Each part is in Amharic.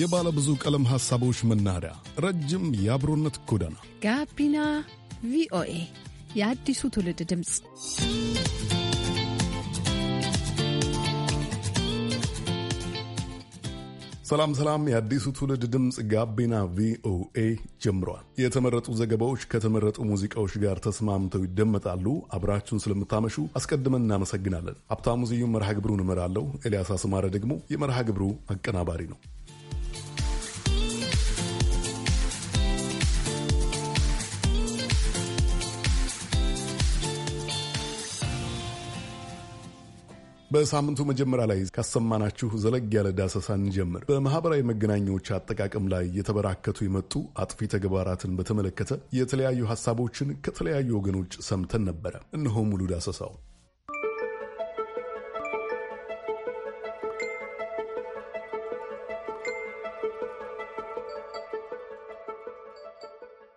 የባለ ብዙ ቀለም ሐሳቦች መናኸሪያ፣ ረጅም የአብሮነት ጎዳና ጋቢና ቪኦኤ የአዲሱ ትውልድ ድምፅ። ሰላም ሰላም! የአዲሱ ትውልድ ድምፅ ጋቢና ቪኦኤ ጀምሯል። የተመረጡ ዘገባዎች ከተመረጡ ሙዚቃዎች ጋር ተስማምተው ይደመጣሉ። አብራችሁን ስለምታመሹ አስቀድመን እናመሰግናለን። ሀብታሙ ዝዩም መርሃ ግብሩን እመራለሁ። ኤልያስ አስማረ ደግሞ የመርሃ ግብሩ አቀናባሪ ነው። በሳምንቱ መጀመሪያ ላይ ካሰማናችሁ ዘለግ ያለ ዳሰሳ እንጀምር። በማህበራዊ መገናኛዎች አጠቃቀም ላይ የተበራከቱ የመጡ አጥፊ ተግባራትን በተመለከተ የተለያዩ ሀሳቦችን ከተለያዩ ወገኖች ሰምተን ነበረ። እነሆ ሙሉ ዳሰሳው።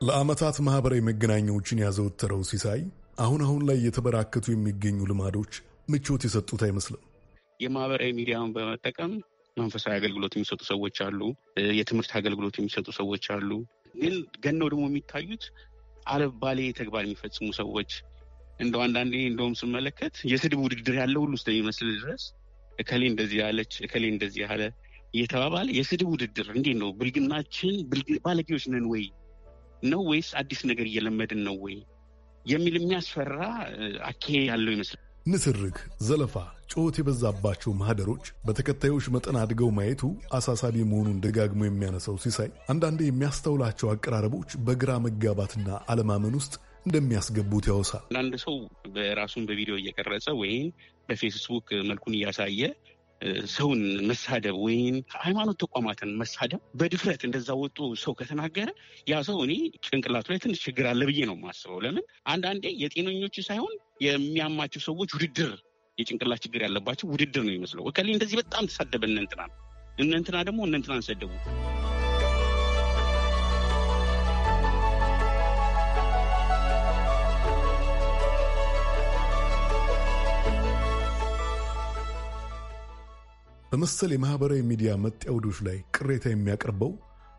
ለዓመታት ማኅበራዊ መገናኛዎችን ያዘወተረው ሲሳይ አሁን አሁን ላይ የተበራከቱ የሚገኙ ልማዶች ምቾት የሰጡት አይመስልም። የማህበራዊ ሚዲያውን በመጠቀም መንፈሳዊ አገልግሎት የሚሰጡ ሰዎች አሉ። የትምህርት አገልግሎት የሚሰጡ ሰዎች አሉ። ግን ገነው ደግሞ የሚታዩት አለባሌ ተግባር የሚፈጽሙ ሰዎች እንደው አንዳንዴ እንደውም ስመለከት የስድብ ውድድር ያለ ሁሉ ስለሚመስል ድረስ እከሌ እንደዚህ ያለች እከሌ እንደዚህ ያለ እየተባባለ የስድብ ውድድር እንዴት ነው? ብልግናችን ባለጌዎች ነን ወይ ነው ወይስ አዲስ ነገር እየለመድን ነው ወይ የሚል የሚያስፈራ አካሄድ ያለው ይመስላል። ንትርክ፣ ዘለፋ፣ ጩኸት የበዛባቸው ማኅደሮች በተከታዮች መጠን አድገው ማየቱ አሳሳቢ መሆኑን ደጋግሞ የሚያነሳው ሲሳይ አንዳንዴ የሚያስተውላቸው አቀራረቦች በግራ መጋባትና አለማመን ውስጥ እንደሚያስገቡት ያወሳል። አንዳንድ ሰው በራሱን በቪዲዮ እየቀረጸ ወይም በፌስቡክ መልኩን እያሳየ ሰውን መሳደብ ወይም ሃይማኖት ተቋማትን መሳደብ በድፍረት እንደዛ ወጡ ሰው ከተናገረ ያ ሰው እኔ ጭንቅላቱ ላይ ትንሽ ችግር አለ ብዬ ነው የማስበው። ለምን አንዳንዴ የጤነኞቹ ሳይሆን የሚያማቸው ሰዎች ውድድር፣ የጭንቅላት ችግር ያለባቸው ውድድር ነው ይመስለው። እከሌ እንደዚህ በጣም ተሳደበ እነ እንትና እነ እንትና ደግሞ እነ እንትናን ሰደቡ። በመሰል የማኅበራዊ ሚዲያ መጠውዶች ላይ ቅሬታ የሚያቀርበው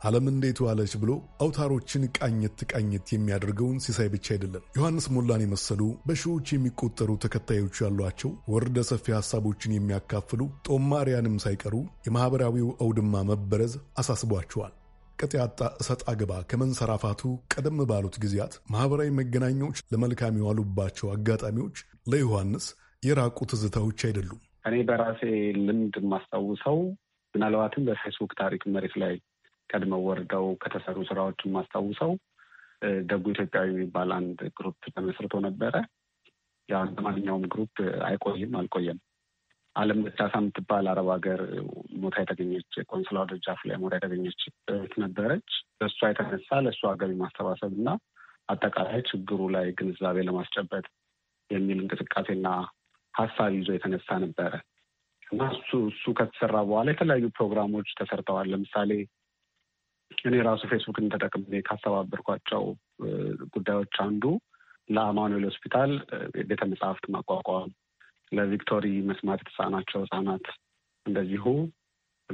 ዓለም እንዴት ዋለች ብሎ አውታሮችን ቃኘት ቃኘት የሚያደርገውን ሲሳይ ብቻ አይደለም። ዮሐንስ ሞላን የመሰሉ በሺዎች የሚቆጠሩ ተከታዮች ያሏቸው ወርደ ሰፊ ሐሳቦችን የሚያካፍሉ ጦማሪያንም ሳይቀሩ የማኅበራዊው አውድማ መበረዝ አሳስቧቸዋል። ቅጥ ያጣ እሰጥ አገባ ከመንሰራፋቱ ቀደም ባሉት ጊዜያት ማኅበራዊ መገናኛዎች ለመልካም የዋሉባቸው አጋጣሚዎች ለዮሐንስ የራቁ ትዝታዎች አይደሉም። እኔ በራሴ ልምድ የማስታውሰው ምናልባትም በፌስቡክ ታሪክ መሬት ላይ ቀድመው ወርደው ከተሰሩ ስራዎች የማስታውሰው ደጉ ኢትዮጵያዊ የሚባል አንድ ግሩፕ ተመስርቶ ነበረ። ያው እንደ ማንኛውም ግሩፕ አይቆይም አልቆየም። አለም ደቻሳ የምትባል አረብ ሀገር ሞታ የተገኘች ቆንስላ ደጃፍ ላይ ሞታ የተገኘች እህት ነበረች። በእሷ የተነሳ ለእሷ ገቢ ማሰባሰብ እና አጠቃላይ ችግሩ ላይ ግንዛቤ ለማስጨበጥ የሚል እንቅስቃሴና ሀሳብ ይዞ የተነሳ ነበረ እና እሱ እሱ ከተሰራ በኋላ የተለያዩ ፕሮግራሞች ተሰርተዋል። ለምሳሌ እኔ ራሱ ፌስቡክን ተጠቅሜ ካስተባበርኳቸው ጉዳዮች አንዱ ለአማኑኤል ሆስፒታል ቤተ መጽሐፍት ማቋቋም፣ ለቪክቶሪ መስማት የተሳናቸው ህጻናት እንደዚሁ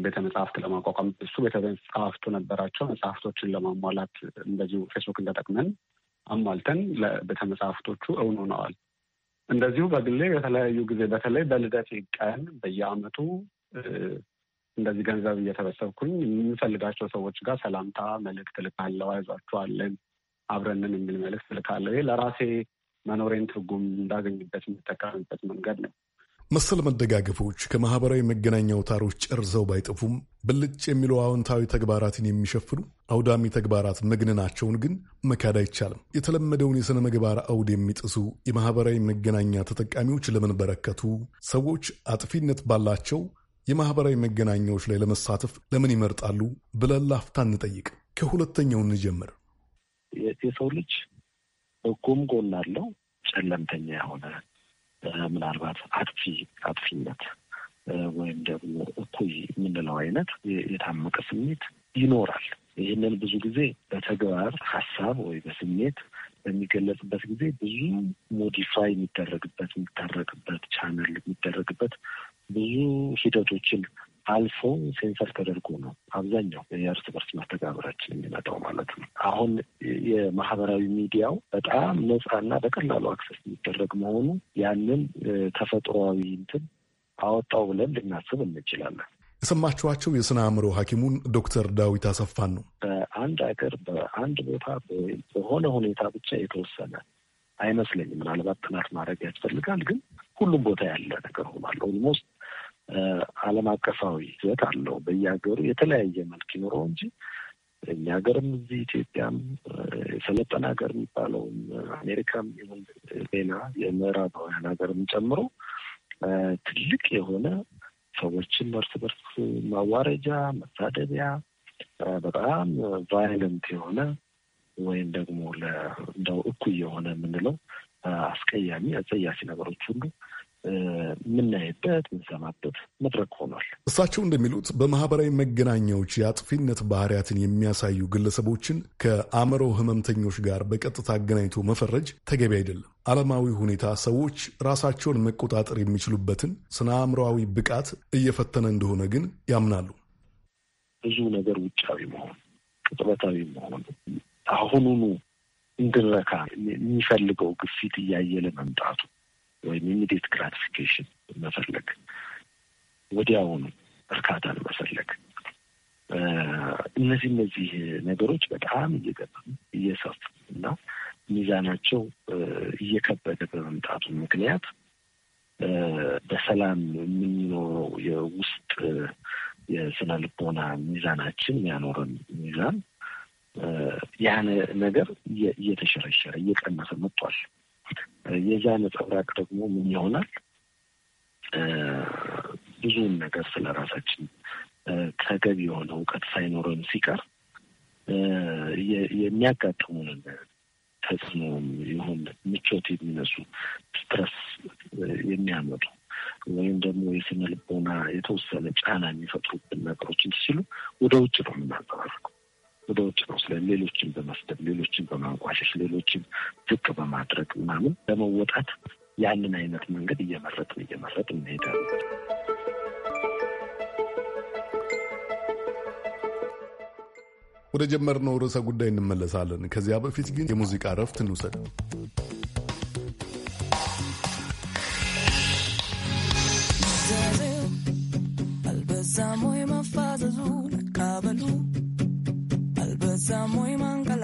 ቤተ መጽሐፍት ለማቋቋም እሱ ቤተ መጽሐፍቱ ነበራቸው። መጽሐፍቶችን ለማሟላት እንደዚሁ ፌስቡክን ተጠቅመን አሟልተን ለቤተ መጽሐፍቶቹ እውን ሆነዋል። እንደዚሁ በግሌ በተለያዩ ጊዜ በተለይ በልደቴ ቀን በየአመቱ እንደዚህ ገንዘብ እየተበሰብኩኝ የምንፈልጋቸው ሰዎች ጋር ሰላምታ መልእክት ልካለው፣ አይዟችኋለን፣ አብረንን የሚል መልእክት ልካለው ይሄ ለራሴ መኖሬን ትርጉም እንዳገኝበት የምጠቀምበት መንገድ ነው። መሰል መደጋገፎች ከማህበራዊ መገናኛ አውታሮች ጨርሰው ባይጠፉም ብልጭ የሚለው አዎንታዊ ተግባራትን የሚሸፍኑ አውዳሚ ተግባራት መግነናቸውን ግን መካድ አይቻልም። የተለመደውን የሥነ ምግባር አውድ የሚጥሱ የማህበራዊ መገናኛ ተጠቃሚዎች ለምን በረከቱ? ሰዎች አጥፊነት ባላቸው የማህበራዊ መገናኛዎች ላይ ለመሳተፍ ለምን ይመርጣሉ ብለን ላፍታ እንጠይቅ። ከሁለተኛው እንጀምር። የሰው ልጅ በጎም ጎን አለው ጨለምተኛ የሆነ ምናልባት አጥፊ አጥፊነት ወይም ደግሞ እኩይ የምንለው አይነት የታመቀ ስሜት ይኖራል። ይህንን ብዙ ጊዜ በተግባር ሀሳብ ወይ በስሜት በሚገለጽበት ጊዜ ብዙ ሞዲፋይ የሚደረግበት የሚታረቅበት ቻነል የሚደረግበት ብዙ ሂደቶችን አልፎ ሴንሰር ተደርጎ ነው አብዛኛው የእርስ በርስ መስተጋብራችን የሚመጣው ማለት ነው። አሁን የማህበራዊ ሚዲያው በጣም ነፃና በቀላሉ አክሰስ የሚደረግ መሆኑ ያንን ተፈጥሯዊ እንትን አወጣው ብለን ልናስብ እንችላለን። የሰማችኋቸው የስነ አእምሮ ሐኪሙን ዶክተር ዳዊት አሰፋን ነው። በአንድ ሀገር በአንድ ቦታ በሆነ ሁኔታ ብቻ የተወሰነ አይመስለኝም። ምናልባት ጥናት ማድረግ ያስፈልጋል። ግን ሁሉም ቦታ ያለ ነገር ሆኗል ኦልሞስት ዓለም አቀፋዊ ይዘት አለው። በየሀገሩ የተለያየ መልክ ይኖረው እንጂ እኛ ሀገርም እዚህ ኢትዮጵያም የሰለጠነ ሀገር የሚባለውም አሜሪካም ይሁን ሌላ የምዕራባውያን ሀገርም ጨምሮ ትልቅ የሆነ ሰዎችን እርስ በርስ ማዋረጃ፣ መሳደቢያ በጣም ቫይለንት የሆነ ወይም ደግሞ እንደው እኩይ የሆነ የምንለው አስቀያሚ አጸያፊ ነገሮች ሁሉ የምናይበት የምንሰማበት መድረክ ሆኗል። እሳቸው እንደሚሉት በማህበራዊ መገናኛዎች የአጥፊነት ባህሪያትን የሚያሳዩ ግለሰቦችን ከአእምሮ ህመምተኞች ጋር በቀጥታ አገናኝቶ መፈረጅ ተገቢ አይደለም። ዓለማዊ ሁኔታ ሰዎች ራሳቸውን መቆጣጠር የሚችሉበትን ስነ አእምሮዊ ብቃት እየፈተነ እንደሆነ ግን ያምናሉ። ብዙ ነገር ውጫዊ መሆን፣ ቅጥበታዊ መሆን አሁኑኑ እንድረካ የሚፈልገው ግፊት እያየለ መምጣቱ ወይም ኢሚዲየት ግራቲፊኬሽን መፈለግ፣ ወዲያውኑ እርካታን መፈለግ እነዚህ እነዚህ ነገሮች በጣም እየገባ እየሰፉ እና ሚዛናቸው እየከበደ በመምጣቱ ምክንያት በሰላም የምንኖረው የውስጥ የስነ ልቦና ሚዛናችን ያኖረን ሚዛን ያነ ነገር እየተሸረሸረ እየቀነሰ መጥቷል። የዛ ነጸብራቅ ደግሞ ምን ይሆናል? ብዙውን ነገር ስለ ራሳችን ተገቢ የሆነ እውቀት ሳይኖረን ሲቀር የሚያጋጥሙንን ተጽዕኖም ይሁን ምቾት የሚነሱ ስትረስ የሚያመጡ ወይም ደግሞ የስነ ልቦና የተወሰነ ጫና የሚፈጥሩብን ነገሮችን ሲሉ ወደ ውጭ ነው የምናንጸባርቀው። ወደ ውጭ ነው ስለ ሌሎችን በመስደብ ሌሎችን በማንቋሸሽ ሌሎችን ዝቅ በማድረግ ምናምን ለመወጣት ያንን አይነት መንገድ እየመረጥ እየመረጥ እንሄዳለን። ወደ ጀመርነው ርዕሰ ጉዳይ እንመለሳለን። ከዚያ በፊት ግን የሙዚቃ እረፍት እንውሰድ።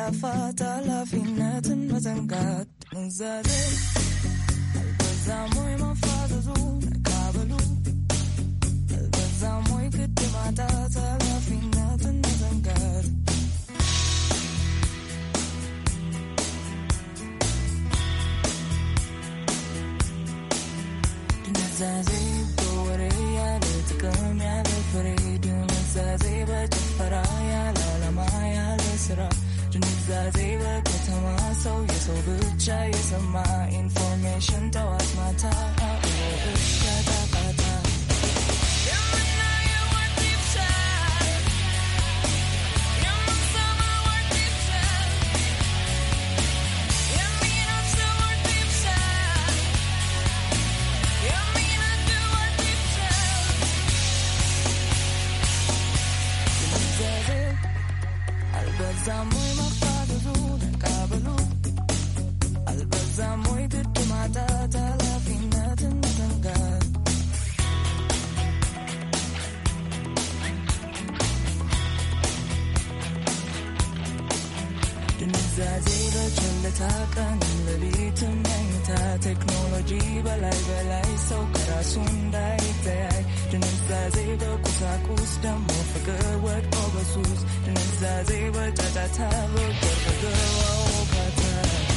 መጋፋት ኃላፊነትን መዘንጋት ምንዘዴ አልበዛም ወይ መፋዘዙ ነቃበሉ አልበዛም ወይ ግድ ማጣት ኃላፊነትን መዘንጋት ድንዛዜ በወሬ ያለ ጥቅም ያለ ፍሬ ድንዛዜ በጭፈራ ያለ አላማ ያለ ስራ ዛዜማ በከተማ सदैव तथा छ वो गर्व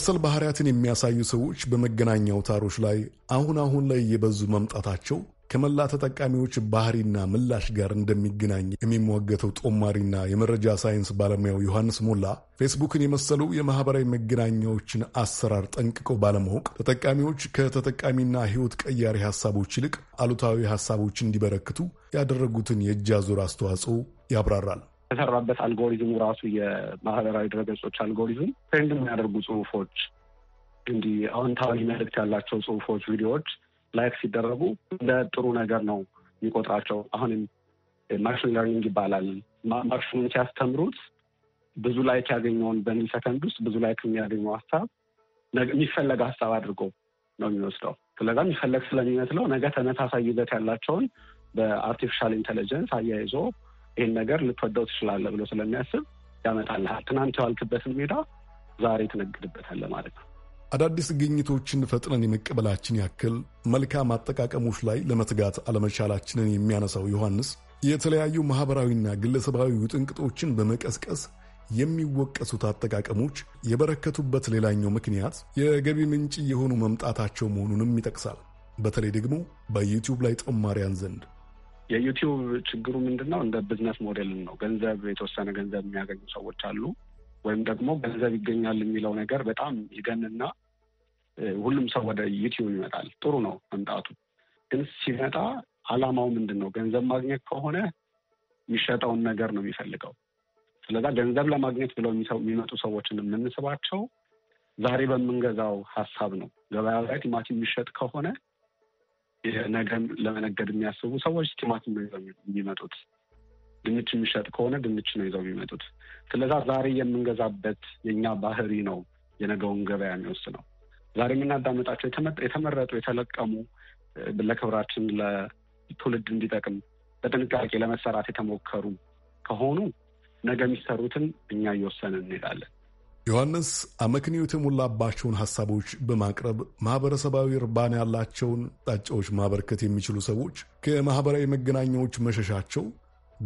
መሰል ባህሪያትን የሚያሳዩ ሰዎች በመገናኛ አውታሮች ላይ አሁን አሁን ላይ የበዙ መምጣታቸው ከመላ ተጠቃሚዎች ባህሪና ምላሽ ጋር እንደሚገናኝ የሚሟገተው ጦማሪና የመረጃ ሳይንስ ባለሙያው ዮሐንስ ሞላ ፌስቡክን የመሰሉ የማህበራዊ መገናኛዎችን አሰራር ጠንቅቀው ባለማወቅ ተጠቃሚዎች ከተጠቃሚና ሕይወት ቀያሪ ሀሳቦች ይልቅ አሉታዊ ሀሳቦች እንዲበረክቱ ያደረጉትን የእጅ አዙር አስተዋጽኦ ያብራራል። የተሰራበት አልጎሪዝሙ ራሱ የማህበራዊ ድረገጾች አልጎሪዝም ትሬንድ የሚያደርጉ ጽሁፎች እንዲህ አዎንታዊ መልእክት ያላቸው ጽሁፎች፣ ቪዲዮዎች ላይክ ሲደረጉ እንደ ጥሩ ነገር ነው የሚቆጥራቸው። አሁንም ማሽን ለርኒንግ ይባላል። ማሽኑን ሲያስተምሩት ብዙ ላይክ ያገኘውን በሚል ሰከንድ ውስጥ ብዙ ላይክ የሚያገኘው ሀሳብ የሚፈለግ ሀሳብ አድርጎ ነው የሚወስደው። ስለዛ የሚፈለግ ስለሚመስለው ነገ ተመሳሳይ ይዘት ያላቸውን በአርቲፊሻል ኢንቴሊጀንስ አያይዞ ይህን ነገር ልትወደው ትችላለህ ብሎ ስለሚያስብ ያመጣልሃል። ትናንት የዋልክበትን ሜዳ ዛሬ ትነግድበታለህ ማለት ነው። አዳዲስ ግኝቶችን ፈጥነን የመቀበላችን ያክል መልካም አጠቃቀሞች ላይ ለመትጋት አለመቻላችንን የሚያነሳው ዮሐንስ የተለያዩ ማኅበራዊና ግለሰባዊ ውጥንቅጦችን በመቀስቀስ የሚወቀሱት አጠቃቀሞች የበረከቱበት ሌላኛው ምክንያት የገቢ ምንጭ የሆኑ መምጣታቸው መሆኑንም ይጠቅሳል። በተለይ ደግሞ በዩቲዩብ ላይ ጦማሪያን ዘንድ የዩቲዩብ ችግሩ ምንድን ነው? እንደ ቢዝነስ ሞዴልን ነው። ገንዘብ የተወሰነ ገንዘብ የሚያገኙ ሰዎች አሉ፣ ወይም ደግሞ ገንዘብ ይገኛል የሚለው ነገር በጣም ይገንና ሁሉም ሰው ወደ ዩቲዩብ ይመጣል። ጥሩ ነው መምጣቱ፣ ግን ሲመጣ አላማው ምንድን ነው? ገንዘብ ማግኘት ከሆነ የሚሸጠውን ነገር ነው የሚፈልገው። ስለዛ ገንዘብ ለማግኘት ብለው የሚመጡ ሰዎችን የምንስባቸው ዛሬ በምንገዛው ሀሳብ ነው። ገበያ ላይ ቲማቲም የሚሸጥ ከሆነ ነገም ለመነገድ የሚያስቡ ሰዎች ቲማቲም ነው ይዘው የሚመጡት። ድንች የሚሸጥ ከሆነ ድንች ነው ይዘው የሚመጡት። ስለዛ ዛሬ የምንገዛበት የእኛ ባህሪ ነው የነገውን ገበያ የሚወስነው። ዛሬ የምናዳመጣቸው የተመረጡ የተለቀሙ ለክብራችን ለትውልድ እንዲጠቅም በጥንቃቄ ለመሰራት የተሞከሩ ከሆኑ ነገ የሚሰሩትን እኛ እየወሰንን እንሄዳለን። ዮሐንስ አመክንዮ የተሞላባቸውን ሐሳቦች በማቅረብ ማኅበረሰባዊ እርባን ያላቸውን ጣጫዎች ማበርከት የሚችሉ ሰዎች ከማኅበራዊ መገናኛዎች መሸሻቸው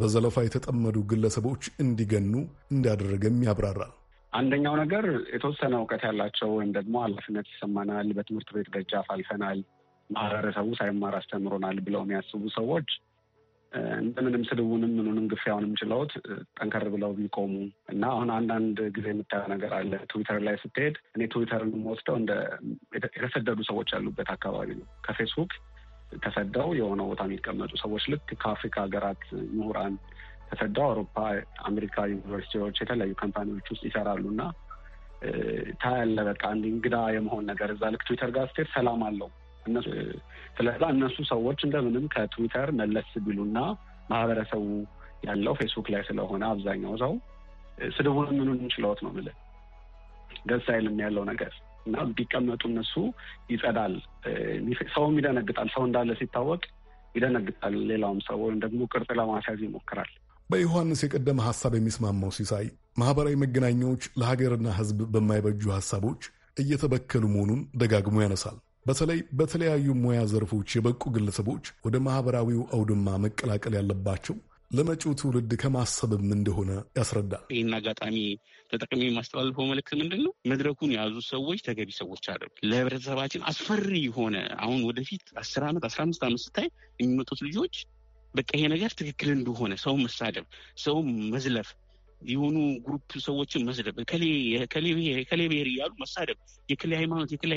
በዘለፋ የተጠመዱ ግለሰቦች እንዲገኑ እንዳደረገም ያብራራል። አንደኛው ነገር የተወሰነ እውቀት ያላቸው ወይም ደግሞ ኃላፊነት ይሰማናል፣ በትምህርት ቤት ደጃፍ አልፈናል፣ ማህበረሰቡ ሳይማር አስተምሮናል ብለው የሚያስቡ ሰዎች እንደምንም ስድቡንም ምኑንም ግፊያውንም ችለውት ጠንከር ብለው ቢቆሙ እና አሁን አንዳንድ ጊዜ የምታየው ነገር አለ። ትዊተር ላይ ስትሄድ እኔ ትዊተርን ወስደው እንደ የተሰደዱ ሰዎች ያሉበት አካባቢ ነው። ከፌስቡክ ተሰደው የሆነ ቦታ የሚቀመጡ ሰዎች ልክ ከአፍሪካ ሀገራት ምሁራን ተሰደው አውሮፓ፣ አሜሪካ ዩኒቨርሲቲዎች፣ የተለያዩ ካምፓኒዎች ውስጥ ይሰራሉ እና ታያለህ። በቃ እንግዳ የመሆን ነገር እዛ ልክ ትዊተር ጋር ስትሄድ ሰላም አለው እነሱ ስለዛ እነሱ ሰዎች እንደምንም ከትዊተር መለስ ቢሉና ማህበረሰቡ ያለው ፌስቡክ ላይ ስለሆነ አብዛኛው ሰው ስድቡን ምኑን እንችለውት ነው የምልህ ደስ አይልም ያለው ነገር እና ቢቀመጡ እነሱ ይጸዳል። ሰውም ይደነግጣል። ሰው እንዳለ ሲታወቅ ይደነግጣል። ሌላውም ሰው ወይም ደግሞ ቅርጽ ለማስያዝ ይሞክራል። በዮሐንስ የቀደመ ሀሳብ የሚስማማው ሲሳይ ማህበራዊ መገናኛዎች ለሀገርና ሕዝብ በማይበጁ ሀሳቦች እየተበከሉ መሆኑን ደጋግሞ ያነሳል። በተለይ በተለያዩ ሙያ ዘርፎች የበቁ ግለሰቦች ወደ ማህበራዊው አውድማ መቀላቀል ያለባቸው ለመጪው ትውልድ ከማሰብም እንደሆነ ያስረዳል። ይህን አጋጣሚ ተጠቅሜ የማስተላልፈው መልእክት ምንድን ነው? መድረኩን የያዙ ሰዎች ተገቢ ሰዎች አለ ለህብረተሰባችን አስፈሪ የሆነ አሁን ወደፊት አስር ዓመት አስራ አምስት ዓመት ስታይ የሚመጡት ልጆች በቃ ይሄ ነገር ትክክል እንደሆነ ሰውን መሳደብ፣ ሰውን መዝለፍ፣ የሆኑ ግሩፕ ሰዎችን መዝለብ፣ ከሌ ብሔር እያሉ መሳደብ፣ የክሌ ሃይማኖት የክሌ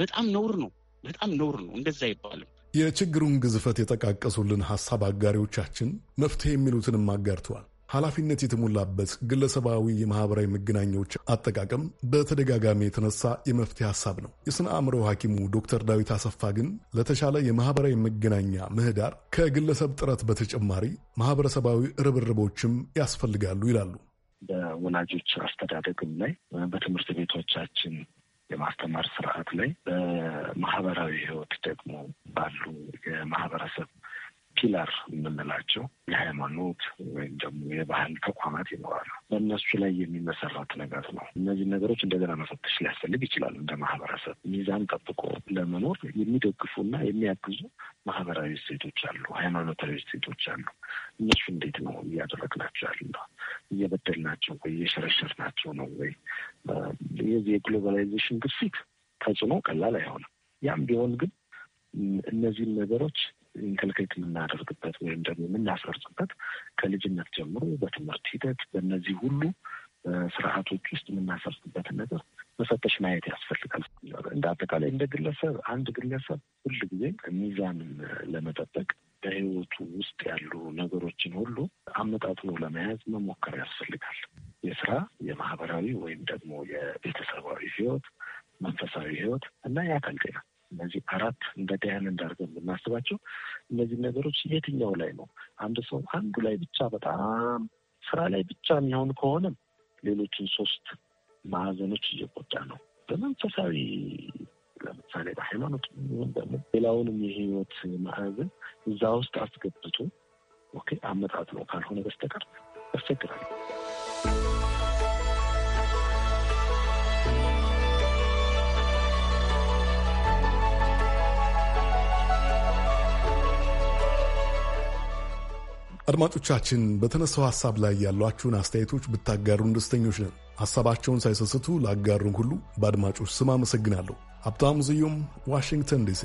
በጣም ነውር ነው። በጣም ነውር ነው። እንደዛ አይባልም። የችግሩን ግዝፈት የጠቃቀሱልን ሀሳብ አጋሪዎቻችን መፍትሄ የሚሉትንም አጋርተዋል። ኃላፊነት የተሞላበት ግለሰባዊ የማህበራዊ መገናኛዎች አጠቃቀም በተደጋጋሚ የተነሳ የመፍትሄ ሀሳብ ነው። የሥነ አእምሮ ሐኪሙ ዶክተር ዳዊት አሰፋ ግን ለተሻለ የማህበራዊ መገናኛ ምህዳር ከግለሰብ ጥረት በተጨማሪ ማህበረሰባዊ ርብርቦችም ያስፈልጋሉ ይላሉ። በወላጆች አስተዳደግም ላይ በትምህርት ቤቶቻችን የማስተማር ስርዓት ላይ በማህበራዊ ህይወት ደግሞ ባሉ የማህበረሰብ ፒለር የምንላቸው የሃይማኖት ወይም ደግሞ የባህል ተቋማት ይኖራሉ። በእነሱ ላይ የሚመሰራት ነገር ነው። እነዚህ ነገሮች እንደገና መፈተሽ ሊያስፈልግ ይችላል። እንደ ማህበረሰብ ሚዛን ጠብቆ ለመኖር የሚደግፉና የሚያግዙ ማህበራዊ እሴቶች አሉ፣ ሃይማኖታዊ እሴቶች አሉ። እነሱ እንዴት ነው እያደረግናቸው ያሉ? እየበደልናቸው ወይ እየሸረሸርናቸው ነው ወይ? የዚህ የግሎባላይዜሽን ግፊት ተጽዕኖ ቀላል አይሆንም። ያም ቢሆን ግን እነዚህን ነገሮች ኢንከልኬት የምናደርግበት ወይም ደግሞ የምናሰርጽበት ከልጅነት ጀምሮ በትምህርት ሂደት በእነዚህ ሁሉ ስርዓቶች ውስጥ የምናሰርጽበትን ነገር መፈተሽ ማየት ያስፈልጋል። እንደ አጠቃላይ እንደ ግለሰብ አንድ ግለሰብ ሁል ጊዜ ሚዛንን ለመጠበቅ በህይወቱ ውስጥ ያሉ ነገሮችን ሁሉ አመጣጥኖ ለመያዝ መሞከር ያስፈልጋል። የስራ የማህበራዊ ወይም ደግሞ የቤተሰባዊ ህይወት፣ መንፈሳዊ ህይወት እና የአካል ጤና እነዚህ አራት እንደ ገህን እንዳርገ የምናስባቸው እነዚህ ነገሮች የትኛው ላይ ነው? አንድ ሰው አንዱ ላይ ብቻ በጣም ስራ ላይ ብቻ የሚሆን ከሆነም ሌሎችን ሶስት ማዕዘኖች እየጎዳ ነው። በመንፈሳዊ ለምሳሌ በሃይማኖት ሌላውንም የህይወት ማዕዘን እዛ ውስጥ አስገብቶ ኦኬ አመጣት ነው ካልሆነ በስተቀር ያስቸግራል። አድማጮቻችን በተነሳው ሀሳብ ላይ ያሏችሁን አስተያየቶች ብታጋሩን ደስተኞች ነን። ሀሳባቸውን ሳይሰስቱ ላጋሩን ሁሉ በአድማጮች ስም አመሰግናለሁ። ሀብታሙ ስዩም ዋሽንግተን ዲሲ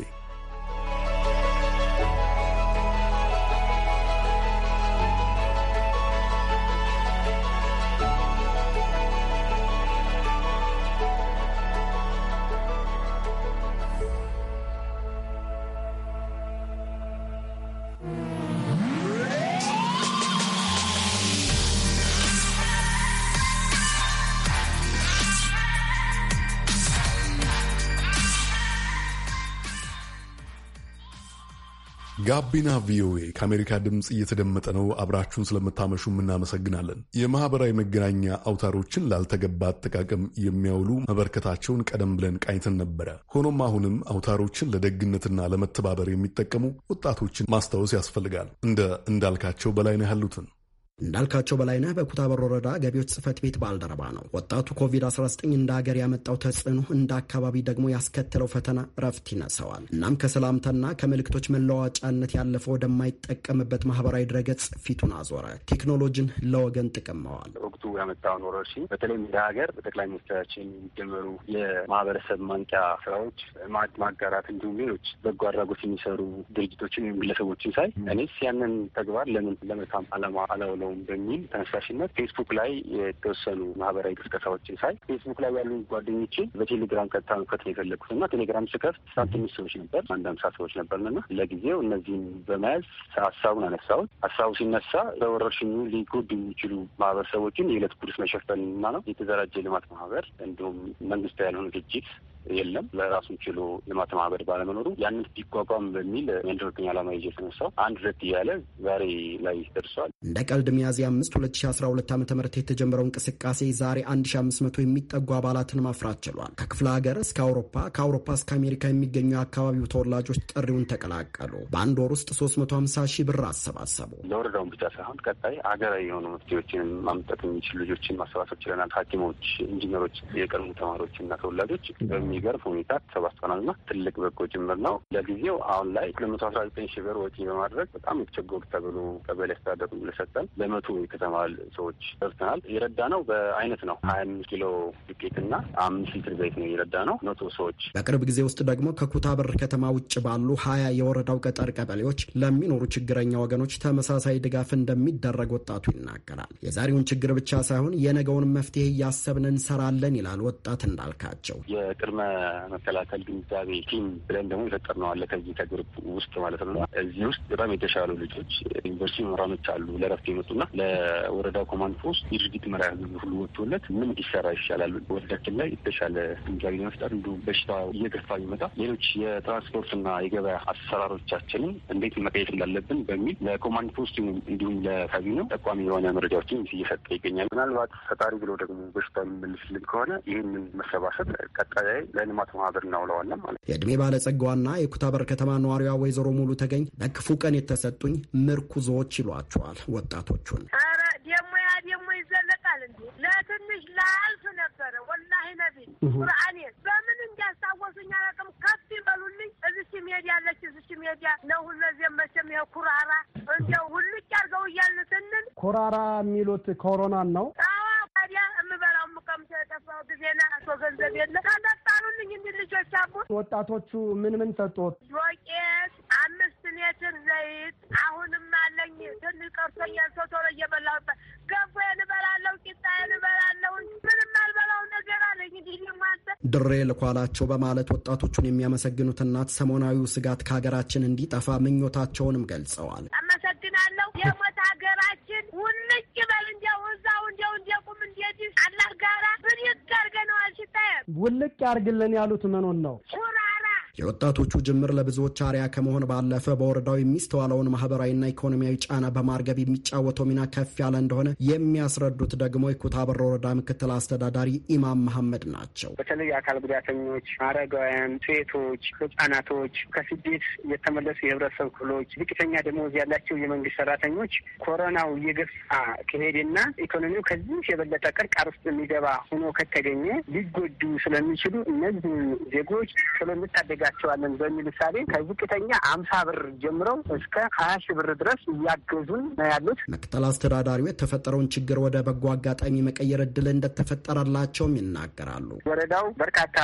ጋቢና ቪኦኤ ከአሜሪካ ድምፅ እየተደመጠ ነው። አብራችሁን ስለምታመሹም እናመሰግናለን። የማህበራዊ መገናኛ አውታሮችን ላልተገባ አጠቃቀም የሚያውሉ መበርከታቸውን ቀደም ብለን ቃኝተን ነበረ። ሆኖም አሁንም አውታሮችን ለደግነትና ለመተባበር የሚጠቀሙ ወጣቶችን ማስታወስ ያስፈልጋል። እንደ እንዳልካቸው ነው ያሉትን እንዳልካቸው በላይነህ በኩታበር ወረዳ ገቢዎች ጽህፈት ቤት ባልደረባ ነው። ወጣቱ ኮቪድ-19 እንደ ሀገር ያመጣው ተጽዕኖ፣ እንደ አካባቢ ደግሞ ያስከተለው ፈተና ረፍት ይነሰዋል። እናም ከሰላምታና ከመልእክቶች መለዋጫነት ያለፈ ወደማይጠቀምበት ማህበራዊ ድረገጽ ፊቱን አዞረ። ቴክኖሎጂን ለወገን ጥቅም መዋል ወቅቱ ያመጣውን ወረርሽኝ በተለይም እንደ ሀገር በጠቅላይ ሚኒስትራችን የሚጀመሩ የማህበረሰብ ማንቂያ ስራዎች ማጋራት፣ እንዲሁም ሌሎች በጎ አድራጎት የሚሰሩ ድርጅቶችን ወይም ግለሰቦችን ሳይ እኔስ ያንን ተግባር ለምን ለመልካም አላማ አላውለው የለውም በሚል ተነሳሽነት ፌስቡክ ላይ የተወሰኑ ማህበራዊ ቅስቀሳዎችን ሳይ ፌስቡክ ላይ ያሉ ጓደኞችን በቴሌግራም ቀጥታ መክፈት የፈለግኩት እና ቴሌግራም ስከፍት በጣም ትንሽ ሰዎች ነበር፣ አንድ አምሳ ሰዎች ነበርንና ለጊዜው እነዚህም በመያዝ ሀሳቡን አነሳሁት። ሀሳቡ ሲነሳ በወረርሽኙ ሊጎዱ የሚችሉ ማህበረሰቦችን የዕለት ጉርስ መሸፈንና ነው የተዘራጀ ልማት ማህበር እንዲሁም መንግስታዊ ያልሆነ ድርጅት የለም። ለራሱን ችሎ ልማት ማህበር ባለመኖሩ ያንን ቢቋቋም በሚል መንደርተኛ ዓላማ ይዤ የተነሳው አንድ ሁለት እያለ ዛሬ ላይ ደርሷል። እንደ ቀልድ ሚያዝያ አምስት ሁለት ሺ አስራ ሁለት ዓመተ ምህረት የተጀመረው እንቅስቃሴ ዛሬ አንድ ሺ አምስት መቶ የሚጠጉ አባላትን ማፍራት ችሏል። ከክፍለ ሀገር እስከ አውሮፓ ከአውሮፓ እስከ አሜሪካ የሚገኙ የአካባቢው ተወላጆች ጥሪውን ተቀላቀሉ። በአንድ ወር ውስጥ ሶስት መቶ ሀምሳ ሺህ ብር አሰባሰቡ። ለወረዳውን ብቻ ሳይሆን ቀጣይ ሀገራዊ የሆኑ መፍትሄዎችን ማምጠት የሚችሉ ልጆችን ማሰባሰብ ችለናል። ሐኪሞች፣ ኢንጂነሮች፣ የቀድሞ ተማሪዎች እና ተወላጆች በሚ በሚገርም ሁኔታ ተሰባስበናል ተሰባስበናልና ትልቅ በጎ ጅምር ነው። ለጊዜው አሁን ላይ ለመቶ አስራ ዘጠኝ ሺህ ብር ወጪ በማድረግ በጣም የተቸገሩ ተብሎ ቀበሌ አስተዳደሩ ለሰጠን ለመቶ የከተማ ሰዎች ደርሰናል። የረዳ ነው በአይነት ነው ሀያ አምስት ኪሎ ዱቄት ዱቄትና አምስት ሊትር ዘይት ነው የረዳ ነው መቶ ሰዎች። በቅርብ ጊዜ ውስጥ ደግሞ ከኩታበር ከተማ ውጭ ባሉ ሀያ የወረዳው ገጠር ቀበሌዎች ለሚኖሩ ችግረኛ ወገኖች ተመሳሳይ ድጋፍ እንደሚደረግ ወጣቱ ይናገራል። የዛሬውን ችግር ብቻ ሳይሆን የነገውን መፍትሄ እያሰብን እንሰራለን ይላል ወጣት እንዳልካቸው የቅድመ ከመከላከል ግንዛቤ ቲም ብለን ደግሞ የፈጠርነው አለ ከዚህ ከግሩፕ ውስጥ ማለት ነው። እዚህ ውስጥ በጣም የተሻሉ ልጆች ዩኒቨርሲቲ መምህራኖች አሉ ለረፍት የመጡና ለወረዳ ኮማንድ ፖስት የድርጊት መራ ሁሉ ወጥቶለት ምን ሊሰራ ይሻላል ወደክል ላይ የተሻለ ግንዛቤ ለመፍጠር እንዲሁም በሽታ እየገፋ ይመጣ ሌሎች የትራንስፖርትና የገበያ አሰራሮቻችንን እንዴት መቀየት እንዳለብን በሚል ለኮማንድ ፖስት እንዲሁም ለካቢኔው ጠቋሚ የሆነ መረጃዎችን እየሰጠ ይገኛል። ምናልባት ፈጣሪ ብሎ ደግሞ በሽታ የሚመልስልን ከሆነ ይህንን መሰባሰብ ቀጣይ ለልማት ማህበር እናውለዋለን ማለት ነው። የዕድሜ ባለጸጋዋና የኩታበር ከተማ ነዋሪዋ ወይዘሮ ሙሉ ተገኝ በክፉ ቀን የተሰጡኝ ምርኩዞዎች ይሏቸዋል ወጣቶቹን። ኧረ ደሞ ያ ደሞ ይዘለቃል እንዲ ለትንሽ ላያልፍ ነበረ ወላሂ ነቢ ቁርአኔ በምን እንዲያስታወሱኝ አላውቅም። ከፍ ይበሉልኝ። እዚች ሜዳ ያለች እዚች ሜዲያ ነው ሁለዚህ መቼም ይኸው ኩራራ እንደው ሁልጭ አድርገው እያልን ስንል ኩራራ የሚሉት ኮሮናን ነው ዜና አቶ ገንዘብ የለ ካላጣሉልኝ የሚል ልጆች አሉ። ወጣቶቹ ምን ምን ሰጡት? ዶቄት ሊትር ዘይት አሁንም አለኝ። ትንሽ ቀርቶኛል። ሰው ቶሎ እየበላሁበት ገንፎዬን እበላለሁ፣ ቂጣ እበላለሁ። ምንም አልበላው ነገር አለኝ። ድሬ ልኳላቸው በማለት ወጣቶቹን የሚያመሰግኑት እናት ሰሞናዊው ስጋት ከሀገራችን እንዲጠፋ ምኞታቸውንም ገልጸዋል። አመሰግናለሁ። የሞት ሀገራችን ውንጭ በል እንዲያው እዛው እንዲያው እንዲያቁም እንዲህ አላህ ጋራ ብድግ አድርገነዋል። ሲታየ ውልቅ ያርግልን ያሉት መኖን ነው የወጣቶቹ ጅምር ለብዙዎች አሪያ ከመሆን ባለፈ በወረዳው የሚስተዋለውን ማህበራዊና ኢኮኖሚያዊ ጫና በማርገብ የሚጫወተው ሚና ከፍ ያለ እንደሆነ የሚያስረዱት ደግሞ የኩታበር ወረዳ ምክትል አስተዳዳሪ ኢማም መሐመድ ናቸው። በተለይ አካል ጉዳተኞች፣ አረጋውያን፣ ሴቶች፣ ህጻናቶች፣ ከስደት የተመለሱ የህብረተሰብ ክፍሎች፣ ዝቅተኛ ደሞዝ ያላቸው የመንግስት ሰራተኞች ኮሮናው እየገፋ ከሄደና ኢኮኖሚው ከዚህ የበለጠ ቅርቃር ውስጥ የሚገባ ሆኖ ከተገኘ ሊጎዱ ስለሚችሉ እነዚህ ዜጎች ቶሎ እናግዛቸዋለን በሚል እሳቤ ከዝቅተኛ አምሳ ብር ጀምረው እስከ ሀያ ሺ ብር ድረስ እያገዙን ነው ያሉት። ምክትል አስተዳዳሪው የተፈጠረውን ችግር ወደ በጎ አጋጣሚ መቀየር እድል እንደተፈጠረላቸውም ይናገራሉ። ወረዳው በርካታ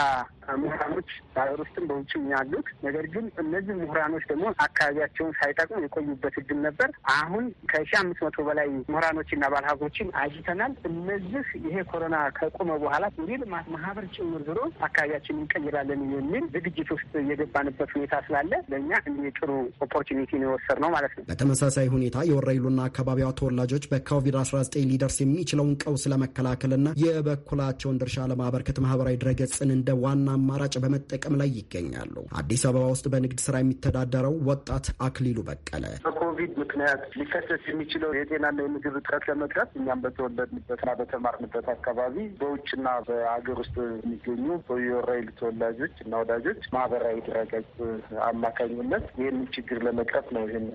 ምሁራኖች በሀገር ውስጥም በውጭም ያሉት፣ ነገር ግን እነዚህ ምሁራኖች ደግሞ አካባቢያቸውን ሳይጠቅሙ የቆዩበት እድል ነበር። አሁን ከሺ አምስት መቶ በላይ ምሁራኖችና ባለሀብቶችን አጅተናል። እነዚህ ይሄ ኮሮና ከቆመ በኋላ የልማት ማህበር ጭምር ዝሮ አካባቢያችን እንቀይራለን የሚል ዝግጅት ውስጥ የገባንበት ሁኔታ ስላለ ለእኛ እንዲህ ጥሩ ኦፖርቹኒቲ ነው የወሰድነው ማለት ነው። በተመሳሳይ ሁኔታ የወረይሉና አካባቢዋ ተወላጆች በኮቪድ-19 ሊደርስ የሚችለውን ቀውስ ለመከላከልና የበኩላቸውን ድርሻ ለማበርከት ማህበራዊ ድረገጽን እንደ ዋና አማራጭ በመጠቀም ላይ ይገኛሉ። አዲስ አበባ ውስጥ በንግድ ስራ የሚተዳደረው ወጣት አክሊሉ በቀለ በኮቪድ ምክንያት ሊከሰት የሚችለው የጤናና የምግብ እጥረት ለመቅረፍ እኛም በተወለድንበትና በተማርንበት አካባቢ በውጭና በሀገር ውስጥ የሚገኙ የወራይሉ ተወላጆች እና ወዳጆች ማህበራዊ ድረገጽ አማካኝነት ይህንን ችግር ለመቅረፍ ነው ይህን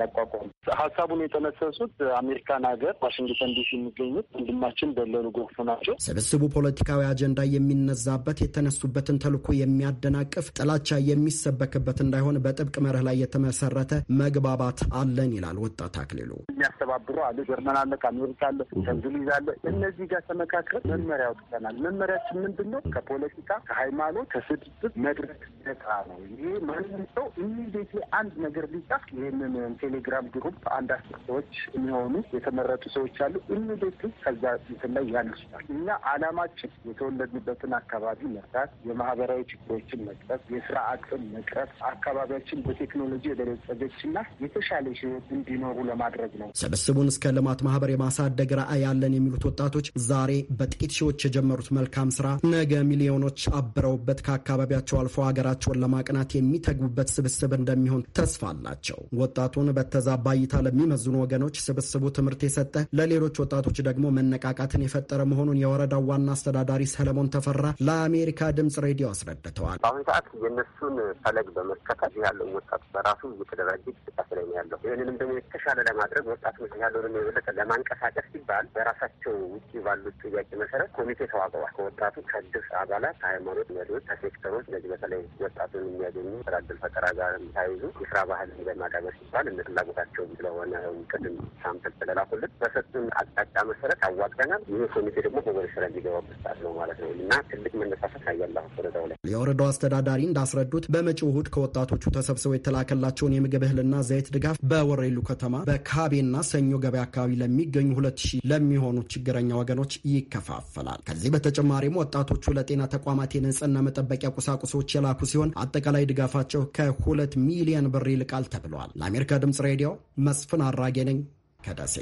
ያቋቋሙ። ሀሳቡን የጠነሰሱት አሜሪካን ሀገር ዋሽንግተን ዲሲ የሚገኙት ወንድማችን በለሉ ጎርፉ ናቸው። ስብስቡ ፖለቲካዊ አጀንዳ የሚነዛበት የተነሱበትን ተልኮ የሚያደናቅፍ ጥላቻ የሚሰበክበት እንዳይሆን በጥብቅ መርህ ላይ የተመሰረተ መግባባት አለን ይላል ወጣት አክሊሉ። የሚያስተባብሩ አለ፣ ጀርመን አለ፣ ከአሜሪካ አለ፣ ከእንግሊዝ አለ። እነዚህ ጋር ተመካክረን መመሪያ አውጥተናል። መመሪያችን ምንድን ነው? ከፖለቲካ ከሃይማኖት፣ ከስድብ መድረክ ነጻ ነው። ይሄ ማንም ሰው ኢሚዲት አንድ ነገር ቢጻፍ ይህንን ቴሌግራም ግሩፕ አንድ አስር ሰዎች የሚሆኑ የተመረጡ ሰዎች አሉ። ኢሚዲት ከዛ እንትን ላይ ያነሱታል። እኛ አላማችን የተወለድንበትን አካባቢ መርዳት፣ የማህበራዊ ችግሮችን መቅረፍ፣ የስራ አቅም መቅረፍ፣ አካባቢያችን በቴክኖሎጂ የበለጸገችና የተሻለ የተሻለች ህይወት እንዲኖሩ ለማድረግ ነው። ስብስቡን እስከ ልማት ማህበር የማሳደግ ራዕይ ያለን የሚሉት ወጣቶች ዛሬ በጥቂት ሺዎች የጀመሩት መልካም ስራ ነገ ሚሊዮኖች አብረውበት ከአካባቢያቸው አልፎ ሀገራቸውን ለማቅናት የሚተግቡበት ስብስብ እንደሚሆን ተስፋ አላቸው። ወጣቱን በተዛባ እይታ ለሚመዝኑ ወገኖች ስብስቡ ትምህርት የሰጠ ለሌሎች ወጣቶች ደግሞ መነቃቃትን የፈጠረ መሆኑን የወረዳው ዋና አስተዳዳሪ ሰለሞን ተፈራ ለአሜሪካ ድምጽ ሬዲዮ አስረድተዋል። በአሁኑ ሰዓት የእነሱን ፈለግ በመከተል ያለው ወጣቱ በራሱ እየተደራጀ እንቅስቃሴ ላይ ነው ያለው። ነው። ይህንንም ደግሞ የተሻለ ለማድረግ ወጣቶች ያለውን የበለጠ ለማንቀሳቀስ ሲባል በራሳቸው ውጭ ባሉት ጥያቄ መሰረት ኮሚቴ ተዋቅሯል። ከወጣቱ ከድርስ አባላት፣ ከሃይማኖት መሪዎች፣ ከሴክተሮች እነዚህ በተለይ ወጣቱን የሚያገኙ ስራ እድል ፈጠራ ጋር ታይዙ የስራ ባህል ለማዳበር ሲባል እንደ ፍላጎታቸውም ስለሆነ ቅድም ሳምፕል ስለላኩልን በሰጡን አቅጣጫ መሰረት አዋቅተናል። ይህ ኮሚቴ ደግሞ በወደ ስራ እንዲገባበት ሰዓት ነው ማለት ነው እና ትልቅ መነሳሳት አያላሁ ወረዳው ላይ የወረዳው አስተዳዳሪ እንዳስረዱት በመጪው እሁድ ከወጣቶቹ ተሰብስበው የተላከላቸውን የምግብ እህልና ዘይት ድጋፍ በወሬሉ ከተማ በካቤና ሰኞ ገበያ አካባቢ ለሚገኙ ሁለት ሺህ ለሚሆኑ ችግረኛ ወገኖች ይከፋፈላል። ከዚህ በተጨማሪም ወጣቶቹ ለጤና ተቋማት የንጽህና መጠበቂያ ቁሳቁሶች የላኩ ሲሆን አጠቃላይ ድጋፋቸው ከሁለት ሚሊዮን ብር ይልቃል ተብሏል። ለአሜሪካ ድምፅ ሬዲዮ መስፍን አራጌ ነኝ ከደሴ።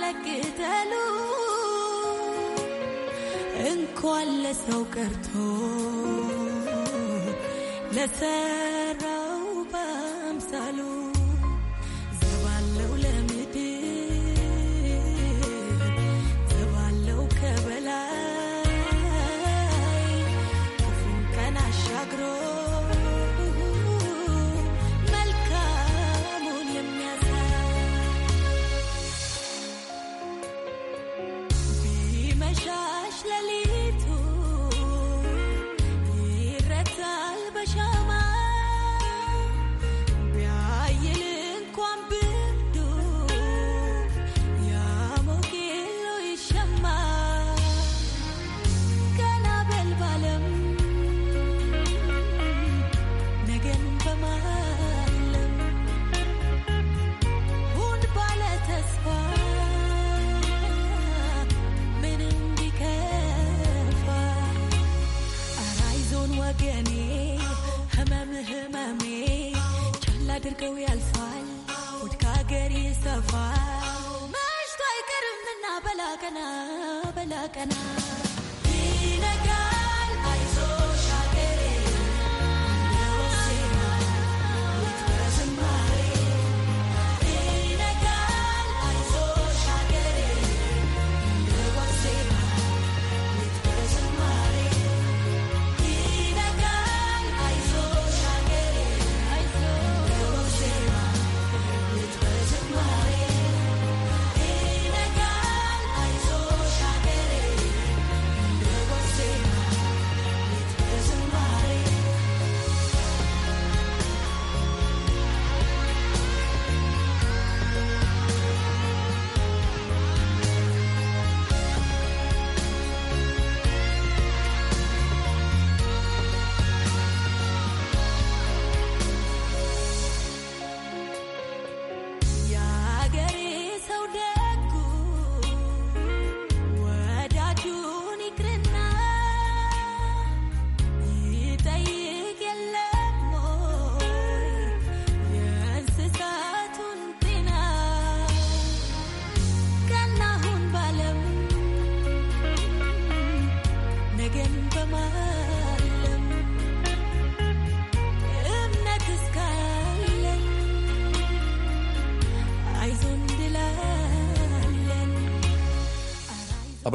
ለቅጠሉ እንኳን ለሰው ቀርቶ ለሰራው በአምሳሉ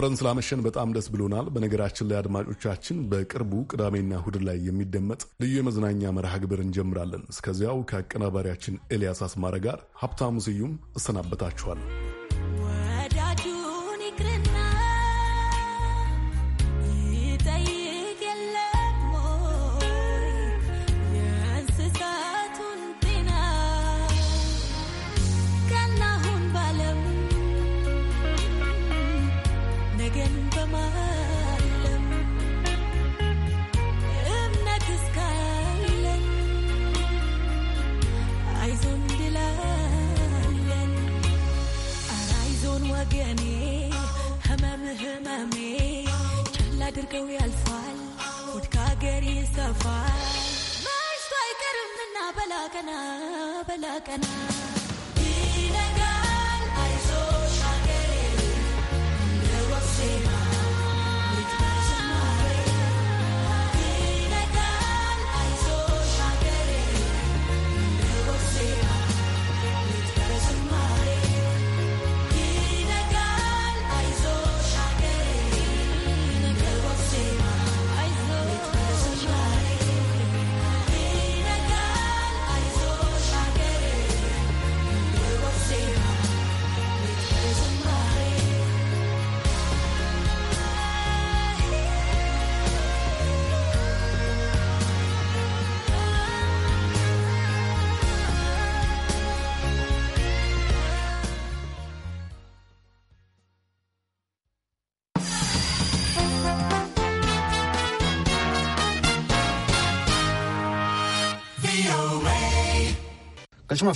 አብረን ስላመሸን በጣም ደስ ብሎናል። በነገራችን ላይ አድማጮቻችን፣ በቅርቡ ቅዳሜና እሁድ ላይ የሚደመጥ ልዩ የመዝናኛ መርሃ ግብር እንጀምራለን። እስከዚያው ከአቀናባሪያችን ኤልያስ አስማረ ጋር ሀብታሙ ስዩም እሰናበታችኋለሁ። I my fault?